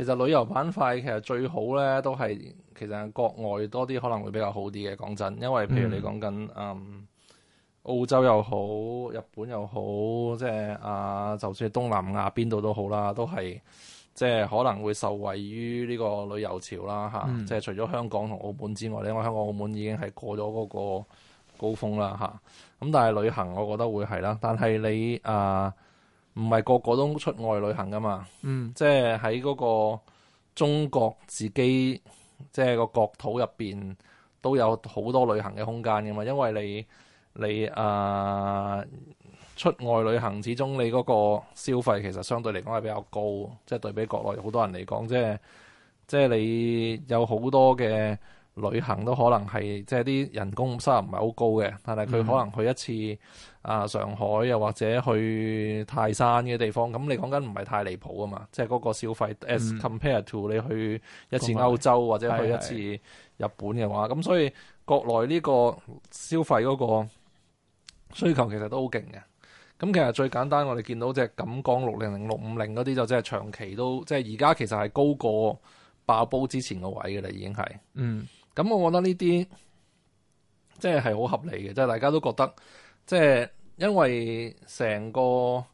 其實旅遊板塊其實最好咧，都係其實國外多啲可能會比較好啲嘅。講真，因為譬如你講緊嗯，嗯澳洲又好、日本又好，即係啊，就算東南亞邊度都好啦，都係即係可能會受惠於呢個旅遊潮啦、啊嗯、即係除咗香港同澳門之外咧，因為香港澳門已經係過咗嗰個高峰啦咁、啊、但係旅行，我覺得會係啦。但係你啊～唔係個個都出外旅行噶嘛，嗯、即係喺嗰個中國自己，即係個國土入邊都有好多旅行嘅空間噶嘛，因為你你誒出外旅行，始終你嗰個消費其實相對嚟講係比較高，即係對比國內好多人嚟講，即係即係你有好多嘅。旅行都可能係即係啲人工收入唔係好高嘅，但係佢可能去一次啊、嗯呃、上海又或者去泰山嘅地方，咁你講緊唔係太離譜啊嘛，即係嗰個消費、嗯。As compared to 你去一次歐洲或者去一次日本嘅話，咁、嗯、所以國內呢個消費嗰個需求其實都好勁嘅。咁其實最簡單，我哋見到隻錦江六零零六五零嗰啲就即係長期都即係而家其實係高過爆煲之前個位㗎啦，已經係嗯。咁，我覺得呢啲即係係好合理嘅，即係大家都覺得，即係因為成個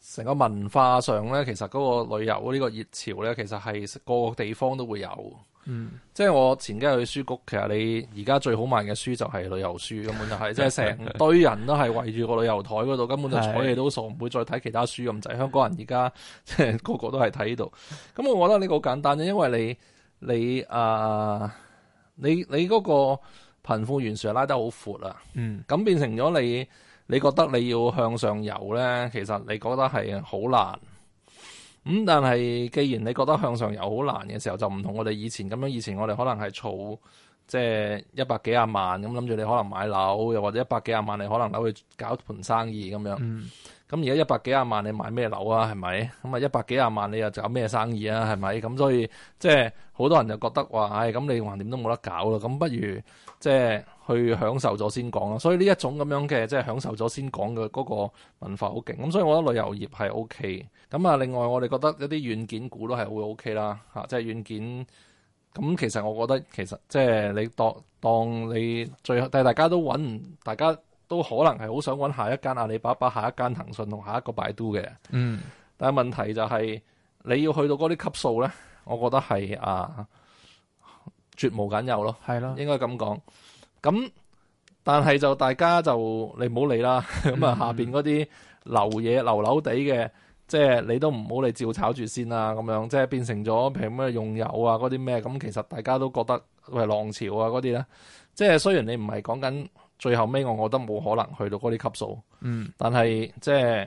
成個文化上咧，其實嗰個旅遊呢、呢個熱潮咧，其實係個個地方都會有。嗯，即係我前幾日去書局，其實你而家最好賣嘅書就係旅遊書，根本就係、是、 即係成堆人都係圍住個旅遊台嗰度，根本就睬你都傻，唔 會再睇其他書咁滯。香港人而家即係個個都係睇呢度。咁我覺得呢個簡單啫，因為你。你啊，你你嗰個貧富懸殊拉得好闊啦，咁、嗯、變成咗你你覺得你要向上遊咧，其實你覺得係好難咁、嗯。但係既然你覺得向上遊好難嘅時候，就唔同我哋以前咁樣。以前我哋可能係儲即係一百幾廿萬咁，諗住你可能買樓，又或者一百幾廿萬你可能攞去搞盤生意咁樣。嗯。咁而家一百幾廿萬，你買咩樓啊？係咪？咁啊一百幾廿萬，你又搞咩生意啊？係咪？咁所以即係好多人就覺得話，唉、哎、咁你橫掂都冇得搞啦，咁不如即係去享受咗先講啦。所以呢一種咁樣嘅即係享受咗先講嘅嗰個文化好勁。咁所以我覺得旅遊業係 OK。咁啊，另外我哋覺得一啲軟件股都係會 OK 啦。嚇，即係軟件。咁其實我覺得其實即係你當，當你最後，但大家都揾大家。都可能係好想揾下一間阿里巴巴、下一間騰訊同下一個百度嘅。嗯。但係問題就係、是、你要去到嗰啲級數咧，我覺得係啊絕無僅有咯。係咯，應該咁講。咁但係就大家就你唔好理啦。咁、嗯、啊 下邊嗰啲流嘢流流地嘅，即係你都唔好嚟照炒住先啊。咁樣即係變成咗譬如咩用友啊嗰啲咩，咁其實大家都覺得係浪潮啊嗰啲咧。即係雖然你唔係講緊。最後屘我覺得冇可能去到嗰啲級數，嗯，但係即係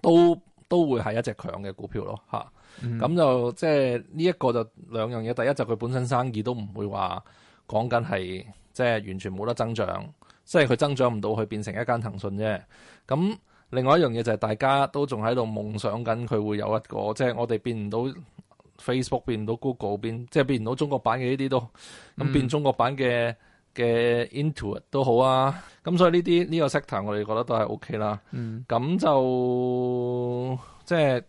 都都會係一隻強嘅股票咯，吓、嗯，咁就即係呢一個就兩樣嘢，第一就佢本身生意都唔會話講緊係即係完全冇得增長，即係佢增長唔到佢變成一間騰訊啫，咁另外一樣嘢就係大家都仲喺度夢想緊佢會有一個，即係我哋變唔到 Facebook 變唔到 Google 變，即係變唔到中國版嘅呢啲都，咁、嗯、變中國版嘅。嘅 intuit 都好啊，咁所以呢啲呢個 sector 我哋覺得都係 OK 啦。咁、嗯、就即係、就是、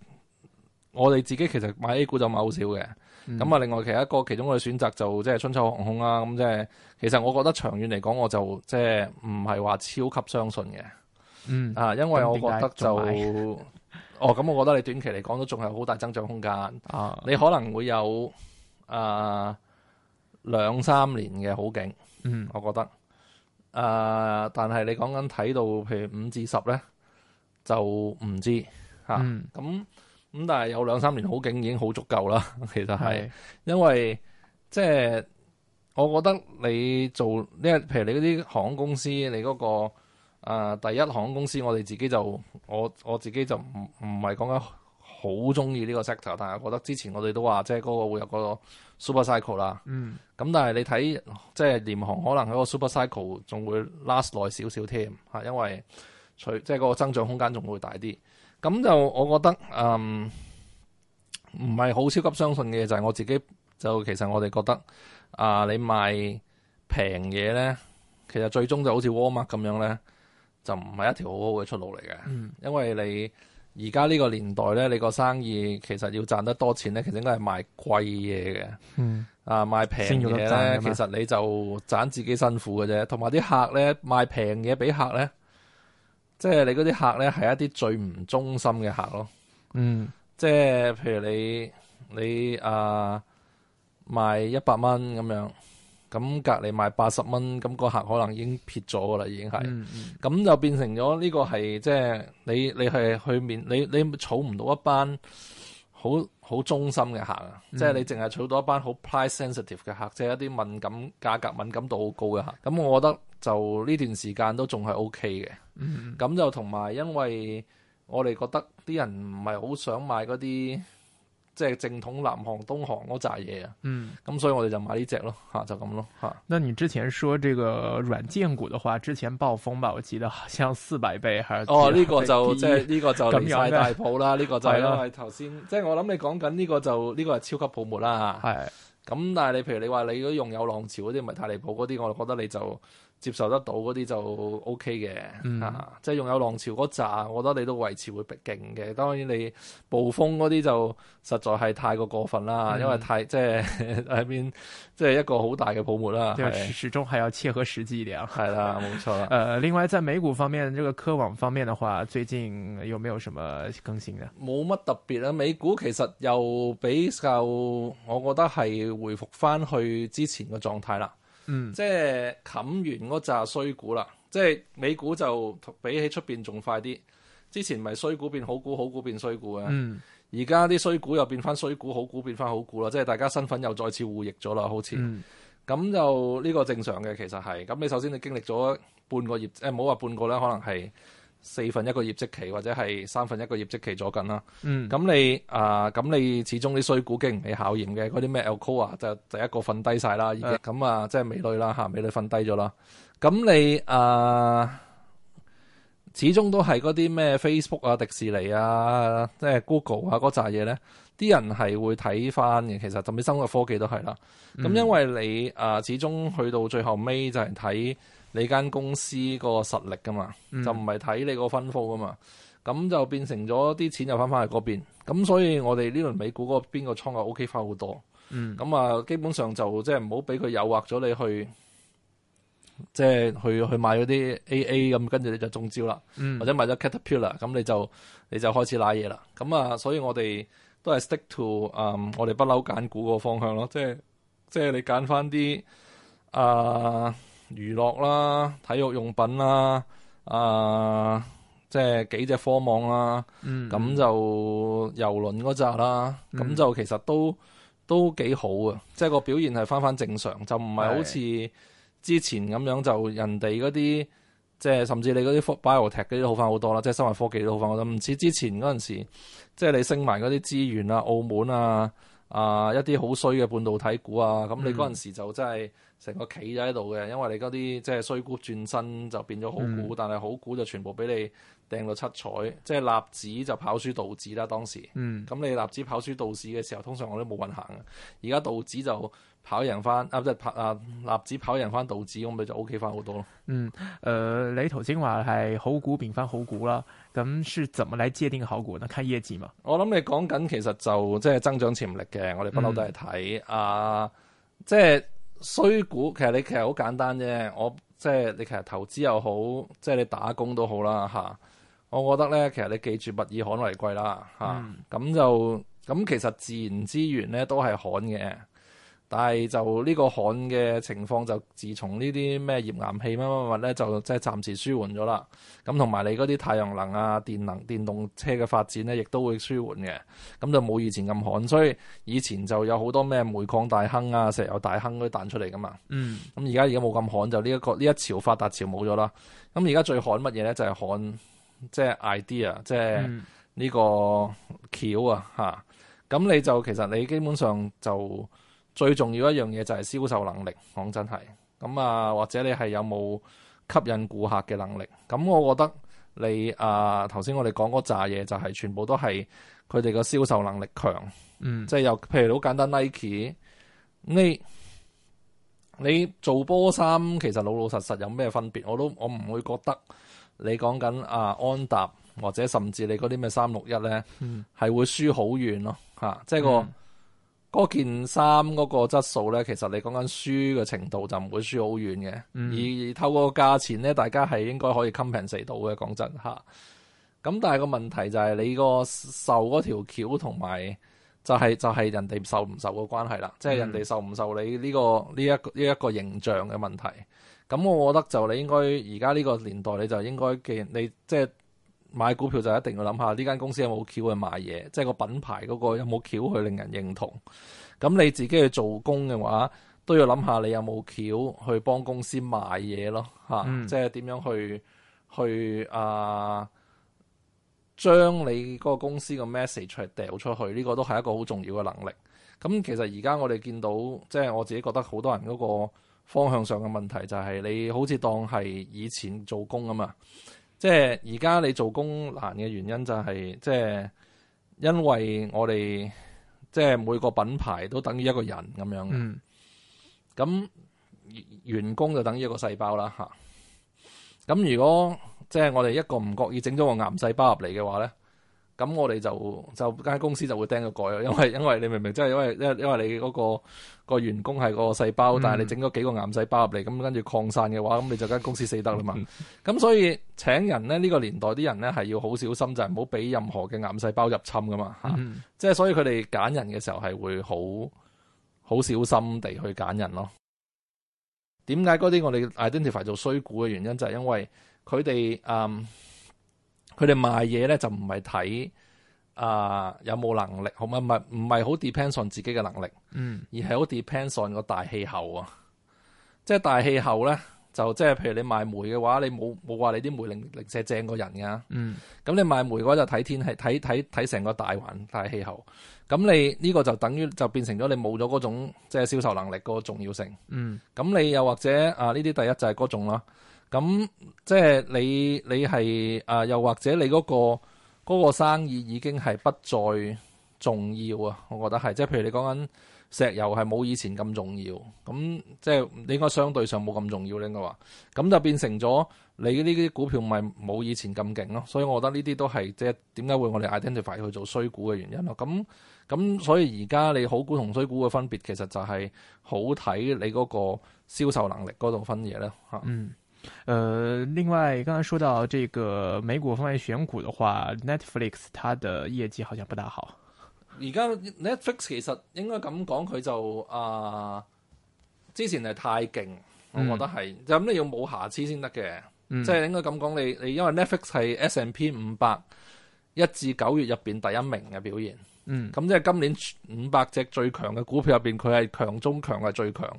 我哋自己其實買 A 股就買好少嘅。咁、嗯、啊，另外其實一個其中嘅選擇就即係春秋航空啊。咁即係其實我覺得長遠嚟講，我就即係唔係話超級相信嘅。嗯啊，因為我覺得就哦咁，我覺得你短期嚟講都仲係好大增長空間啊。你可能會有啊兩三年嘅好景。嗯， 我覺得，誒、呃，但係你講緊睇到，譬如五至十咧，就唔知吓。咁咁、 啊，但係有兩三年好景已經好足夠啦。其實係，因為即係，我覺得你做呢，譬如你嗰啲航空公司，你嗰、嗰個誒、呃、第一航空公司，我哋自己就我我自己就唔唔係講緊。好中意呢個 sector，但係我覺得之前我哋都話，即係嗰個會有個 super cycle 啦。嗯。咁但係你睇，即係廉航可能喺個 super cycle 仲會 last 耐少少添，因為除即係嗰個增長空間仲會大啲。咁就我覺得，嗯，唔係好超級相信嘅嘢就係、是、我自己，就其實我哋覺得，啊、呃，你賣平嘢咧，其實最終就好似 Walmart 咁樣咧，就唔係一條好好嘅出路嚟嘅。嗯。因為你。而家呢個年代咧，你個生意其實要賺得多錢咧，其實應該係賣貴嘢嘅。嗯，啊賣平嘢咧，其實你就賺自己辛苦嘅啫。同埋啲客咧，賣平嘢俾客咧，即係你嗰啲客咧係一啲最唔忠心嘅客咯。嗯，即係譬如你你啊賣一百蚊咁樣。咁隔離賣八十蚊，咁個客可能已經撇咗噶啦，已經係。咁、嗯嗯、就變成咗呢個係即係你你係去面你你儲唔到一班好好忠心嘅客啊！即、嗯、係、就是、你淨係儲到一班好 price sensitive 嘅客，即、就、係、是、一啲敏感價格敏感度好高嘅客。咁我覺得就呢段時間都仲係 O K 嘅。咁、嗯、就同埋因為我哋覺得啲人唔係好想買嗰啲。即係正統南航、東航嗰扎嘢啊，嗯，咁所以我哋就買呢隻咯，吓就咁咯，吓。那你之前說這個軟件股的話，之前爆風爆，我記得好似四百倍吓。哦，呢個就即係呢個就太大泡啦，呢個就。咁樣咩？係咯，係頭先，即係我諗你講緊呢個就呢、啊這個係、 這個、超級泡沫啦。係。咁但係你譬如你話你如果用有浪潮嗰啲，唔係太離譜嗰啲，我就覺得你就。接受得到嗰啲就 OK 嘅、嗯，啊，即係用有浪潮嗰扎，我覺得你都維持會迫勁嘅。當然你暴風嗰啲就實在係太過過分啦、嗯，因為太即係一邊即係一個好大嘅泡沫啦。始終係要切合實際一啲㗎，係啦，冇錯啦。誒， 另外在美股方面，呢、這個科網方面嘅話，最近有冇有什麼更新嘅？冇乜特別啦，美股其實又比較，我覺得係回復翻去之前嘅狀態啦。嗯，即係冚完嗰扎衰股啦，即係美股就比起出邊仲快啲。之前咪衰股變好股，好股變衰股嘅，而家啲衰股又變翻衰股，好股變翻好股啦。即係大家身份又再次互易咗啦，好似。咁、嗯、就呢、這個正常嘅，其實係。咁你首先你經歷咗半個月，誒、哎，唔好話半個啦，可能係。四分一個業績期或者係三分一個業績期咗緊啦，嗯，咁你啊，咁、呃、你始終啲衰股經唔起考驗嘅，嗰啲咩 Alcoa 啊，就第一個瞓低晒啦咁啊，即係美女啦吓，美女瞓低咗啦，咁你啊、呃，始終都係嗰啲咩 Facebook 啊、迪士尼啊、即係 Google 啊嗰扎嘢咧，啲人係會睇翻嘅，其實甚至生活科技都係啦，咁、嗯、因為你啊、呃，始終去到最後尾就係睇。你間公司個實力㗎嘛，嗯、就唔係睇你個分鋪㗎嘛，咁就變成咗啲錢又翻返去嗰邊，咁所以我哋呢輪美股嗰邊個倉額 OK 翻好多，咁、嗯、啊基本上就即係唔好俾佢誘惑咗你去，即、就、係、是、去去買嗰啲 AA 咁，跟住你就中招啦、嗯，或者買咗 Caterpillar 咁你就你就開始瀨嘢啦，咁啊所以我哋都係 stick to 啊、嗯、我哋不嬲揀股個方向咯，即係即係你揀翻啲啊。呃娛樂啦、體育用品啦、啊、呃，即係幾隻科網啦，咁、嗯、就遊輪嗰扎啦，咁、嗯、就其實都都幾好啊！即係個表現係翻翻正常，就唔係好似之前咁樣就人哋嗰啲，即係甚至你嗰啲 bio-tech 嗰啲都好翻好多啦，即係生物科技都好翻好多，唔似之前嗰陣時，即係你升埋嗰啲資源啊，澳門啊、啊、呃、一啲好衰嘅半導體股啊，咁你嗰陣時就真係。嗯成個企咗喺度嘅，因為你嗰啲即係衰股轉身就變咗好股、嗯，但係好股就全部俾你掟到七彩，即係納指就跑輸道指啦。當時，咁、嗯嗯、你納指跑輸道指嘅時候，通常我都冇運行。而家道指就跑贏翻，啊即係拍啊納指跑贏翻道指，咁咪就 O K 翻好多咯。嗯，誒、呃，你頭先話係好股變翻好股啦。咁是怎麼來界定好股呢？看業績嘛。我諗你講緊其實就即係增長潛力嘅，我哋不嬲都係睇、嗯、啊，即係。衰股，其實你其實好簡單啫。我即係你，其實投資又好，即係你打工都好啦。吓，我覺得咧，其實你記住物以罕為貴啦。吓、啊、咁、嗯、就咁，其實自然資源咧都係罕嘅。但係就呢個旱嘅情況，就自從呢啲咩頁岩氣乜乜乜咧，就即係暫時舒緩咗啦。咁同埋你嗰啲太陽能啊、電能、電動車嘅發展咧，亦都會舒緩嘅。咁就冇以前咁旱，所以以前就有好多咩煤礦大亨啊、石油大亨嗰啲彈出嚟噶嘛，現在現在，這個。嗯。咁而家而家冇咁旱，就呢一呢一潮發達潮冇咗啦。咁而家最旱乜嘢咧？就係，是，旱即係 idea，即係呢個橋啊嚇。咁你就其實你基本上就。最重要一樣嘢就係銷售能力，講真係咁啊，或者你係有冇吸引顧客嘅能力？咁我覺得你啊頭先我哋講嗰扎嘢就係、係、全部都係佢哋個銷售能力強，嗯，即係又譬如好簡單 Nike，你你做波衫其實老老實實有咩分別？我都我唔會覺得你講緊啊安踏或者甚至你嗰啲咩三六一咧，係、嗯、會輸好遠咯，即係個。嗯嗰件衫嗰個質素咧，其實你講緊輸嘅程度就唔會輸好遠嘅、嗯，而透過價錢咧，大家係應該可以 compensate 到嘅。講真嚇，咁但係個問題就係你個受嗰條橋同埋，就係就係人哋受唔受嘅關係啦，即、嗯、係、就係、人哋受唔受你呢、呢個呢一呢一個形象嘅問題。咁我覺得就你應該而家呢個年代你就應該你即、就、係、係。買股票就一定要諗下呢間公司有冇竅去賣嘢，即係個品牌嗰個有冇竅去令人認同。咁你自己去做工嘅話，都要諗下你有冇竅去幫公司賣嘢咯，嚇！即係點樣去去啊？將你嗰個公司嘅 message 出嚟掉出去，呢個都係一個好重要嘅能力。咁其實而家我哋見到，即係我自己覺得好多人嗰個方向上嘅問題就係，你好似當係以前做工啊嘛。即係而家你做工難嘅原因就係，即係因為我哋即係每個品牌都等於一個人咁樣，嗯、咁員工就等於一個細胞啦吓。咁如果即係我哋一個唔覺意整咗個癌細胞入嚟嘅話咧？咁我哋就就間公司就會掟個蓋，因為因為你明唔明？即、就、係、是、因為因為因為你嗰、那個個員工係個細胞，嗯、但係你整咗幾個癌細胞入嚟，咁跟住擴散嘅話，咁你就間公司死得啦嘛。咁、嗯、所以請人咧呢、這個年代啲人咧係要好小心，就係唔好俾任何嘅癌細胞入侵噶嘛。吓、嗯，即、啊、係所以佢哋揀人嘅時候係會好好小心地去揀人咯。點解嗰啲我哋 identify 做衰股嘅原因就係、是、因為佢哋嗯。佢哋賣嘢咧就唔係睇啊有冇能力，唔係唔係唔係好 depend on 自己嘅能力，嗯，而係好 depend on 個大氣候啊。即係大氣候咧，就即係譬如你賣煤嘅話，你冇冇話你啲煤零零舍正過人噶，嗯，咁你賣煤嗰就睇天氣，睇睇睇成個大環大氣候。咁你呢、這個就等於就變成咗你冇咗嗰種即係銷售能力個重要性，嗯，咁你又或者啊呢啲第一就係嗰種咯。咁即係你你係啊、呃、又或者你嗰個嗰個生意已經係不再重要啊。我覺得係即係譬如你講緊石油係冇以前咁重要，咁即係你應該相對上冇咁重要咧，應該話，咁就變成咗你呢啲股票咪冇以前咁勁咯。所以我覺得呢啲都係即係點解會我哋 identify 去做衰股嘅原因咯。咁咁所以而家你好股同衰股嘅分別其實就係好睇你嗰個銷售能力嗰度分嘢咧吓嗯。誒、呃，另外，剛才說到這個美股方面選股的話，Netflix 它的業績好像不大好。而家 Netflix 其實應該咁講，佢就啊之前係太勁，我覺得係就咁你要冇瑕疵先得嘅。嗯、即係應該咁講，你你因為 Netflix 係 S&P 五百一至九月入邊第一名嘅表現。嗯，咁即係今年五百隻最強嘅股票入邊，佢係強中強嘅最強。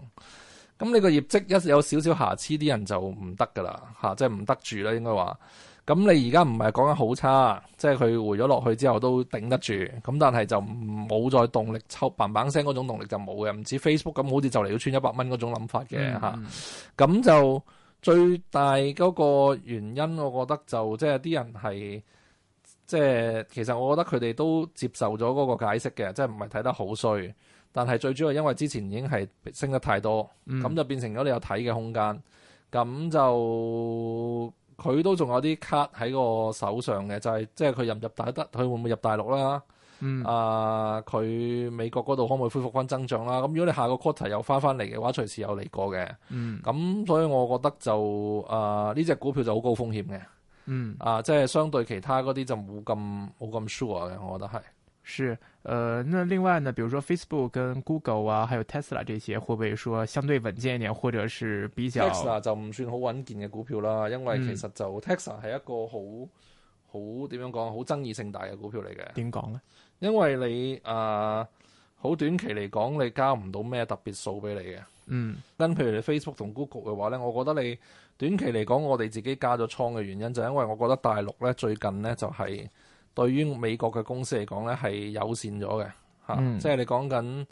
咁你個業績一有少少瑕疵，啲人就唔得噶啦，嚇，即係唔得住啦，應該話。咁你而家唔係講緊好差，即係佢回咗落去之後都頂得住，咁但係就冇再動力抽，砰砰聲嗰種動力就冇嘅，唔似 Facebook 咁好似就嚟要穿一百蚊嗰種諗法嘅嚇。咁、嗯嗯、就最大嗰個原因，我覺得就即係啲人係即係其實我覺得佢哋都接受咗嗰個解釋嘅，即係唔係睇得好衰。但係最主要係因為之前已經係升得太多，咁、嗯、就變成咗你有睇嘅空間。咁就佢都仲有啲卡喺個手上嘅，就係即係佢入唔入大得，佢會唔會入大陸啦、嗯？啊，佢美國嗰度可唔可以恢復翻增長啦？咁如果你下個 quarter 又翻翻嚟嘅話，隨時有嚟過嘅。咁、嗯、所以我覺得就啊，呢、呃、隻、這個、股票就好高風險嘅、嗯。啊，即、就、係、是、相對其他嗰啲就冇咁冇咁 sure 嘅，我覺得係。是，呃，那另外呢，比如說 Facebook 跟 Google 啊，還有 Tesla 這些，會不會說相對穩健一點，或者是比較？Tesla 就唔算好穩健嘅股票啦，因為其實就、嗯、Tesla 係一個好好點樣講，好爭議性大嘅股票嚟嘅。點講呢？因為你啊，好、呃、短期嚟講，你交唔到咩特別數俾你嘅。嗯。跟譬如你 Facebook 同 Google 嘅話咧，我覺得你短期嚟講，我哋自己加咗倉嘅原因，就係、因為我覺得大陸咧最近咧就係、是。對於美國嘅公司嚟講咧，係友善咗嘅嚇。即係你講緊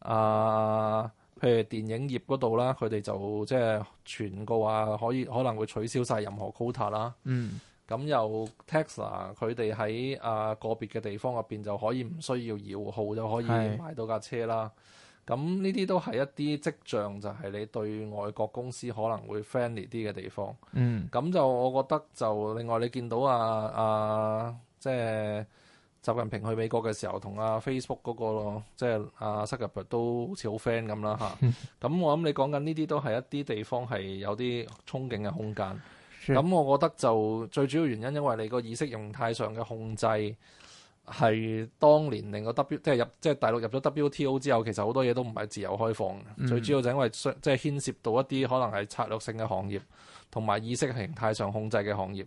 啊，譬如電影業嗰度啦，佢哋就即係傳告啊，可以可能會取消晒任何 quota 啦。嗯，咁又 Tesla 佢哋喺啊個別嘅地方入邊就可以唔需要搖號就可以買到架車啦。咁呢啲都係一啲跡象，就係你對外國公司可能會 friendly 啲嘅地方。嗯，咁就我覺得就另外你見到啊啊～即係習近平去美國嘅時候，同阿 Facebook 嗰、那個即係阿 Sergey 都好似好 friend 咁啦吓。咁我諗你講緊呢啲都係一啲地方係有啲憧憬嘅空間。咁我覺得就最主要原因，因為你個意識形態上嘅控制係當年令個 W 即係入即係、就是、大陸入咗 WTO 之後，其實好多嘢都唔係自由開放、嗯、最主要就因為即係、就是、牽涉到一啲可能係策略性嘅行業，同埋意識形態上控制嘅行業。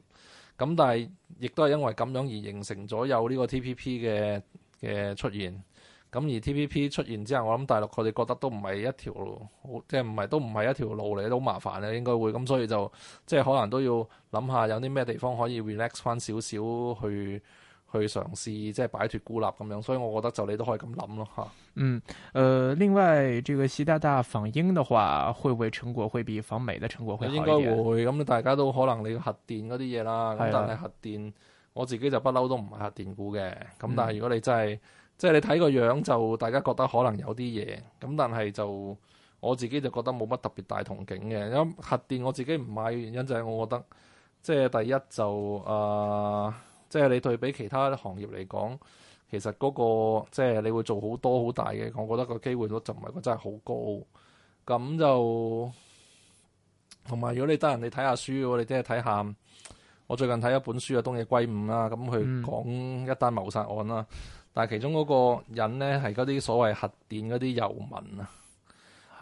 咁但係亦都係因為咁樣而形成咗有呢個 TPP 嘅嘅出現，咁而 TPP 出現之後，我諗大陸佢哋覺得都唔係一條即係唔係都唔係一條路嚟，都好麻煩啦，應該會咁，所以就即係可能都要諗下有啲咩地方可以 relax 翻少少去。去嘗試即係擺脱孤立咁樣，所以我覺得就你都可以咁諗咯吓，嗯，誒、呃，另外，呢個習大大訪英嘅話，會唔會成果會比訪美嘅成果會好啲？應該會。咁大家都可能你核電嗰啲嘢啦，是啊，但係核電，我自己就不嬲都唔買核電股嘅。咁但係如果你真係、嗯，即係你睇個樣就大家覺得可能有啲嘢，咁但係就我自己就覺得冇乜特別大憧憬嘅。因為核電我自己唔買嘅原因就係、是、我覺得，即係第一就啊。呃即係你對比其他行業嚟講，其實嗰、嗰個即係你會做好多好大嘅，我覺得個機會率就唔係真係好高。咁就同埋如果你得閒，你睇下書，我哋即係睇下我最近睇一本書嘅《東野圭吾》啦，咁佢講一單謀殺案啦、嗯。但係其中嗰個人咧係嗰啲所謂核電嗰啲遊民啊，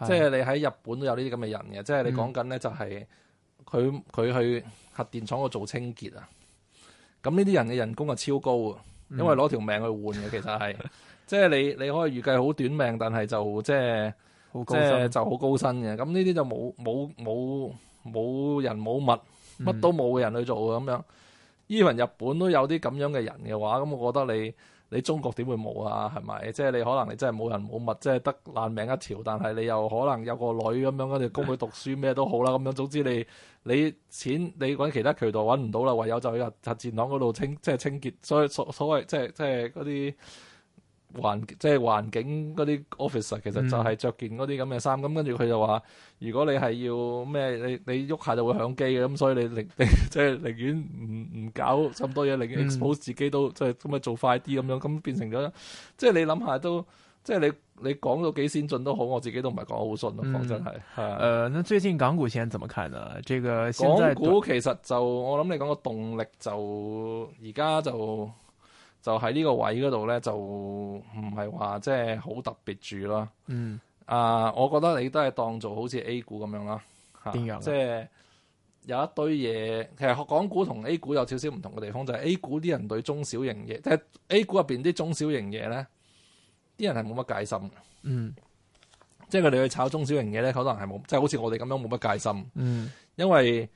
即係你喺日本都有呢啲咁嘅人嘅、嗯，即係你講緊咧就係佢佢去核電廠度做清潔啊。咁呢啲人嘅人工啊超高啊，因為攞條命去換嘅，其實係，即係你你可以預計好短命，但係就即係好高薪即係就好高薪嘅，咁呢啲就冇冇冇冇人冇物乜都冇嘅人去做嘅咁樣。即使日本都有啲咁樣嘅人嘅話，咁我覺得你你中國點會冇啊？係咪？即係你可能你真係冇人冇物，即係得爛命一條。但係你又可能有個女咁樣跟住供佢讀書咩都好啦。咁樣總之你你錢你揾其他渠道搵唔到啦，唯有就去核電廠嗰度清即係清潔。所以所所謂即係即係嗰啲。環即係環境嗰啲 officer，其實就係着件嗰啲咁嘅衫，咁跟住佢就話，如果你係要咩，你你喐下就會響機嘅，咁所以你寧即係寧願唔唔搞咁多嘢，寧願 expose 自己都即係咁做快啲咁樣，咁變成咗即係你諗下都，即係你你講到幾先進都好，我自己都唔係講得好順咯，講真係。誒、呃，那最近港股先怎麼看呢？這個港股其實就我諗你講個動力就而家就。就喺呢個位嗰度咧，就唔係話即係好特別住啦。嗯，啊，我覺得你都係當做好似 A 股咁樣啦。點樣？啊，即係有一堆嘢。其實港股同 A 股有少少唔同嘅地方，就係 A 股啲人對中小型嘢，即係 A 股入邊啲中小型嘢咧，啲人係冇乜戒心。嗯，即係佢哋去炒中小型嘢咧，可能係冇，即係好似我哋咁樣冇乜戒心。嗯，因為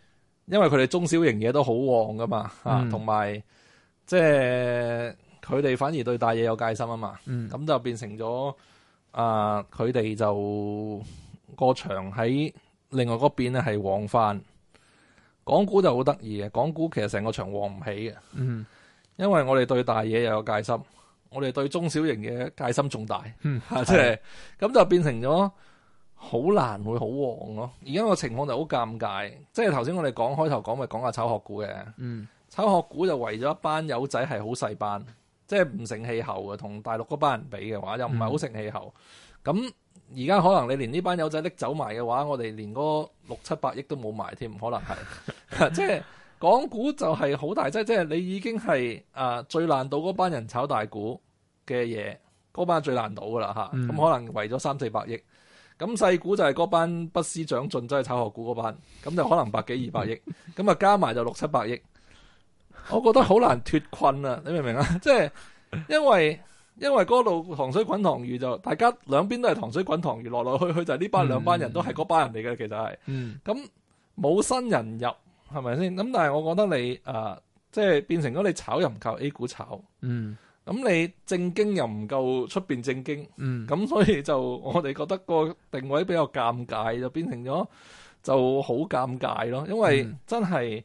因為佢哋中小型嘢都好旺噶嘛。啊，同埋。嗯即係佢哋反而對大嘢有戒心啊嘛，咁、嗯、就變成咗啊，佢哋就個場喺另外嗰邊咧係旺翻，港股就好得意嘅，港股其實成個場旺唔起嘅。嗯，因為我哋對大嘢又有戒心，我哋對中小型嘅戒心仲大，嗯、即係咁就變成咗好難會好旺咯。而家個情況就好尷尬，即係頭先我哋講開頭講咪講下炒學股嘅。嗯炒學股就圍咗一班友仔，係好細班，即係唔成氣候嘅。同大陸嗰班人比嘅話，又唔係好成氣候。咁而家可能你連呢班友仔拎走埋嘅話，我哋連嗰六七百億都冇埋添，可能係即係港股就係好大劑。即係你已經係啊、呃、最難倒嗰班人炒大股嘅嘢，嗰班最難倒㗎喇吓。咁、嗯、可能圍咗三四百億，咁細股就係嗰班不思長進，即、就、係、是、炒學股嗰班，咁就可能百幾二百億，咁、嗯、啊加埋就六七百億。 我覺得好難脫困啊！你明唔明啊？即 係因為因為嗰度糖水滾塘魚，就大家兩邊都係糖水滾塘魚，來來去去就呢班兩、嗯、班人都係嗰班人嚟嘅，其實係。嗯。咁冇新人入，係咪先？咁但係我覺得你誒，即、呃、係、就是、變成咗你炒又唔靠 A 股炒。嗯。咁你正經又唔夠出邊正經。嗯。咁所以就我哋覺得個定位比較尷尬，就變成咗就好尷尬咯。因為真係。嗯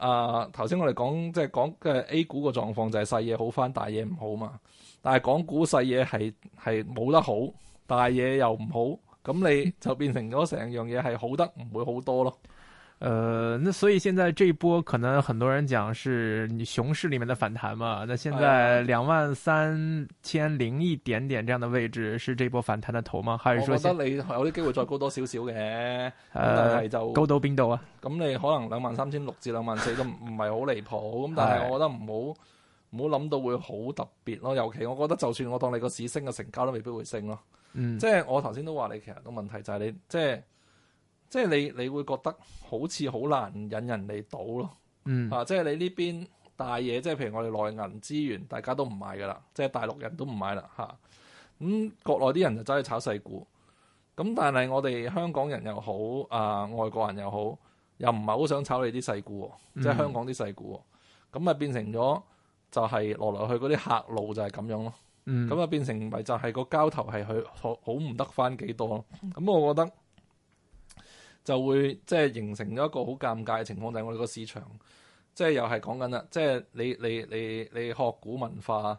啊！頭先我哋講即係講嘅 A 股個狀況就係細嘢好返，大嘢唔好嘛。但係港股細嘢係係冇得好，大嘢又唔好，咁你就變成咗成樣嘢係好得唔會好多咯。誒、呃，那所以現在這一波可能很多人講是熊市裏面的反彈嘛？那現在兩萬三千零一點點這樣的位置是這波反彈的頭嗎？還是說我覺得你有啲機會再高多少少嘅，但係就高到邊度啊。咁你可能兩萬三千六至兩萬四都唔唔係好離譜，咁但係我覺得唔好唔好諗到會好特別咯。尤其我覺得就算我當你個市升嘅成交都未必會升咯。嗯，即係我頭先都話你其實個問題就係你即係。即係你，你會覺得好似好難引人嚟到咯。嗯，啊，即係你呢邊大嘢，即係譬如我哋內銀資源，大家都唔買噶啦。即係大陸人都唔買啦，咁、啊嗯、國內啲人就走去炒細股。咁但係我哋香港人又好，啊、呃，外國人又好，又唔係好想炒你啲細股，即係香港啲細股。咁啊，變成咗就係落落去嗰啲客路就係咁樣咯。咁、嗯、啊，就變成咪就係個交投係去好唔得翻幾多咯。咁我覺得。就會即係、就係、形成咗一個好尷尬嘅情況，就係我哋個市場，即係又係講緊啦，即係你你你你學古文化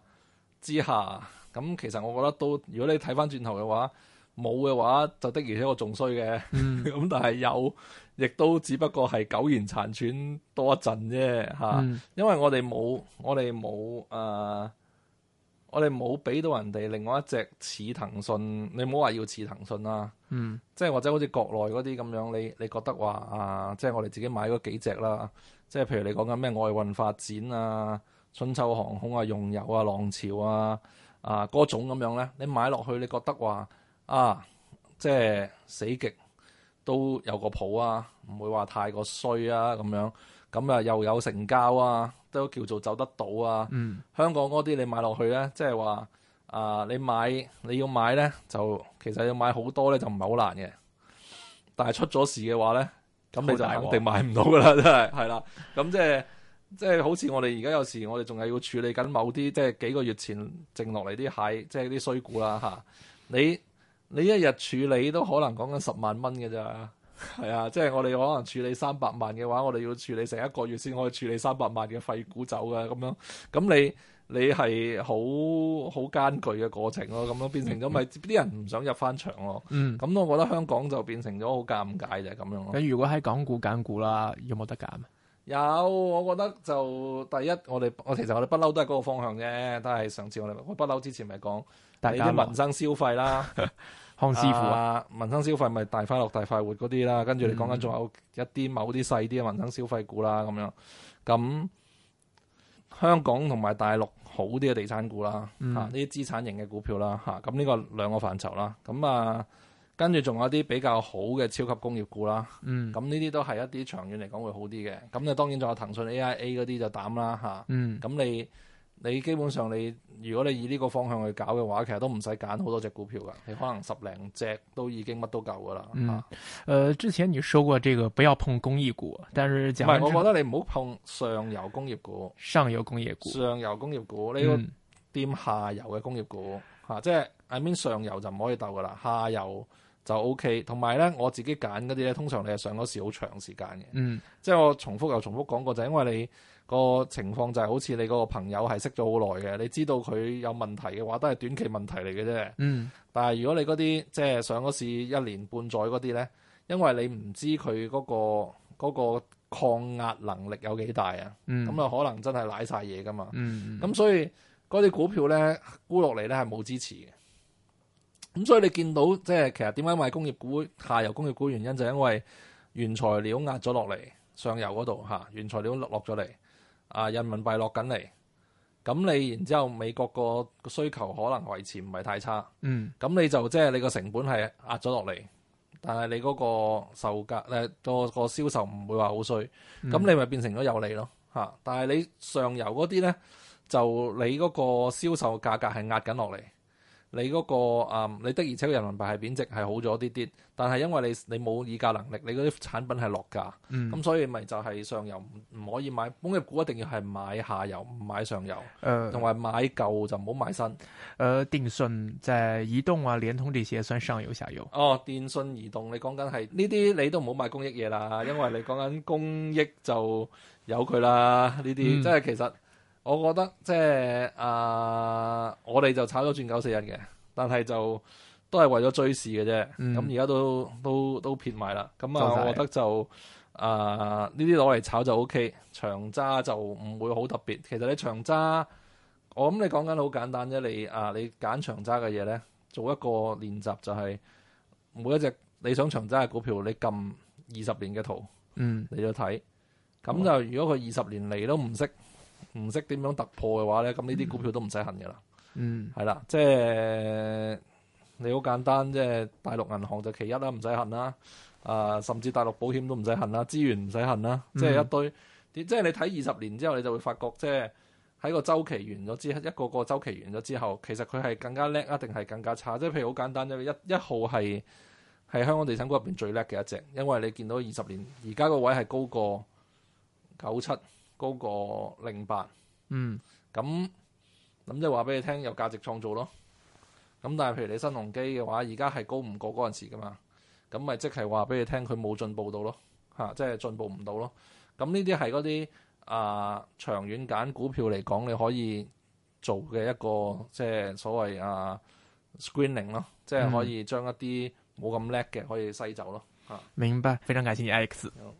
之下，咁其實我覺得都，如果你睇翻轉頭嘅話，冇嘅話就的而且確仲衰嘅，咁、嗯、 但係有，亦都只不過係苟延殘喘多一陣啫嚇，嗯、因為我哋冇我哋冇誒。呃我哋冇俾到人哋另外一隻似騰訊，你唔好話要似騰訊啦，嗯，即係或者好似國內嗰啲咁樣，你你覺得話啊，即係我哋自己買嗰幾隻啦，即係譬如你講緊咩外運發展啊、春秋航空啊、用油啊、浪潮啊、啊嗰種咁樣咧，你買落去你覺得話啊，即係死極都有個譜啊，唔會話太過衰啊咁樣。咁啊，又有成交啊，都叫做走得到啊。嗯、香港嗰啲你買落去咧，即係話啊，你買你要買咧，就其實要買好多咧，就唔係好難嘅。但係出咗事嘅話咧，咁你就肯定買唔到噶啦，真係係啦。咁即係即係，就是就是、好似我哋而家有時我哋仲係要處理緊某啲即係幾個月前剩落嚟啲蟹，即係啲衰股啦吓。你你一日處理都可能講緊十萬蚊嘅咋？係啊，即係我哋可能處理三百萬嘅話，我哋要處理成一個月先，可以處理三百萬嘅廢股走嘅咁樣。咁你你係好好艱巨嘅過程咯，咁樣變成咗咪啲人唔想入翻場咯。嗯，咁、嗯、我覺得香港就變成咗好尷尬就係咁樣咯。咁如果喺港股揀股啦，有冇得揀？有，我覺得就第一，我哋我其實我哋不嬲都係嗰個方向啫，但係上次我哋我不嬲之前咪講，但係你啲民生消費啦。 康師傅啦、啊啊，民生消費咪大家樂大快活嗰啲啦，跟住你講緊仲有一啲某啲細啲嘅民生消費股啦，咁樣咁香港同埋大陸好啲嘅地產股啦，嚇呢啲資產型嘅股票啦，嚇咁呢個兩個範疇啦，咁啊跟住仲有啲比較好嘅超級工業股啦，嗯，咁呢啲都係一啲長遠嚟講會好啲嘅，咁啊當然仲有騰訊 AIA 嗰啲就膽啦嚇、啊啊，嗯，咁你。你基本上你如果你以呢個方向去搞嘅話，其實都唔使揀好多隻股票噶，你可能十零隻都已經乜都夠噶啦。誒、嗯啊，之前你說過這個不要碰，公益，嗯、不要碰工業股，但是唔係，我覺得你唔好碰上游工業股。上游工業股。上游工業股，你要掂下游嘅工業股吓、嗯啊，即係 I mean 上游就唔可以鬥噶啦，下游就 O K。同埋咧，我自己揀嗰啲咧，通常你係上嗰時好長時間嘅。嗯。即係我重複又重複講過，就係、因為你。個情況就係好似你嗰個朋友係識咗好耐嘅，你知道佢有問題嘅話，都係短期問題嚟嘅啫。嗯。但係如果你嗰啲即係上咗市一年半載嗰啲咧，因為你唔知佢嗰、嗰個、嗰個抗壓能力有幾大啊。嗯。咁啊，可能真係瀨晒嘢噶嘛。嗯。咁所以嗰啲股票咧沽落嚟咧係冇支持嘅。咁所以你見到即係其實點解買工業股下游工業股原因就係因為原材料壓咗落嚟上游嗰度吓，原材料落落咗嚟。啊，人民幣落緊嚟，咁你然之後美國個需求可能維持唔係太差，咁、嗯、你就即係、就是、你個成本係壓咗落嚟，但係你嗰個售價誒、呃，那個個銷售唔會話好衰，咁、嗯、你咪變成咗有利咯嚇。但係你上游嗰啲咧，就你嗰個銷售價格係壓緊落嚟。你嗰、那個、嗯、你的而且嘅人民幣係貶值係好咗啲啲，但係因為你你冇議價能力，你嗰啲產品係落價，咁、嗯、所以咪就係上游唔可以買，工業股一定要係買下游，唔買上游，同、呃、埋買舊就唔好買新。誒、呃，電信、即係移動啊、聯通呢啲算上游、下游。哦，電信、移動，你講緊係呢啲，你都唔好買公益嘢啦，因為你講緊公益就有佢啦。呢啲即係其實。我覺得即係啊，我哋就炒咗轉九四一嘅，但係就都係為咗追市嘅啫。咁而家都都都撇埋啦。咁、嗯、啊，我覺得就啊，呢啲攞嚟炒就 OK，長揸就唔會好特別。其實你長揸，我諗你講緊好簡單啫。你啊，你揀長揸嘅嘢咧，做一個練習就係每一隻你想長揸嘅股票，你撳二十年嘅圖，嗯，嚟到睇。咁就如果佢二十年嚟都唔識。唔識點樣突破嘅話咧，咁呢啲股票都唔使恨噶啦。嗯，係啦，即係你好簡單，即係大陸銀行就其一啦，唔使恨啦。啊、呃，甚至大陸保險都唔使恨啦，資源唔使恨啦。即係一堆，嗯，即係你睇二十年之後，你就會發覺，即係喺個周期完咗之後，一個個周期完咗之後，其實佢係更加叻啊，定係更加差？即係譬如好簡單，因為一一號係係香港地產股入邊最叻嘅一隻，因為你見到二十年而家個位係高過九七。高過零八，嗯，咁，咁即係話俾你聽有價值創造咯，咁但係譬如你新鴻基嘅話，而家係高唔過嗰陣時噶嘛，咁咪即係話俾你聽佢冇進步到咯，吓、啊，即係進步唔到咯，咁呢啲係嗰啲啊，長遠揀股票嚟講，你可以做嘅一個即係所謂啊，screening 咯，嗯、即係可以將一啲冇咁叻嘅可以篩走咯，吓，明白，非常感謝 Alex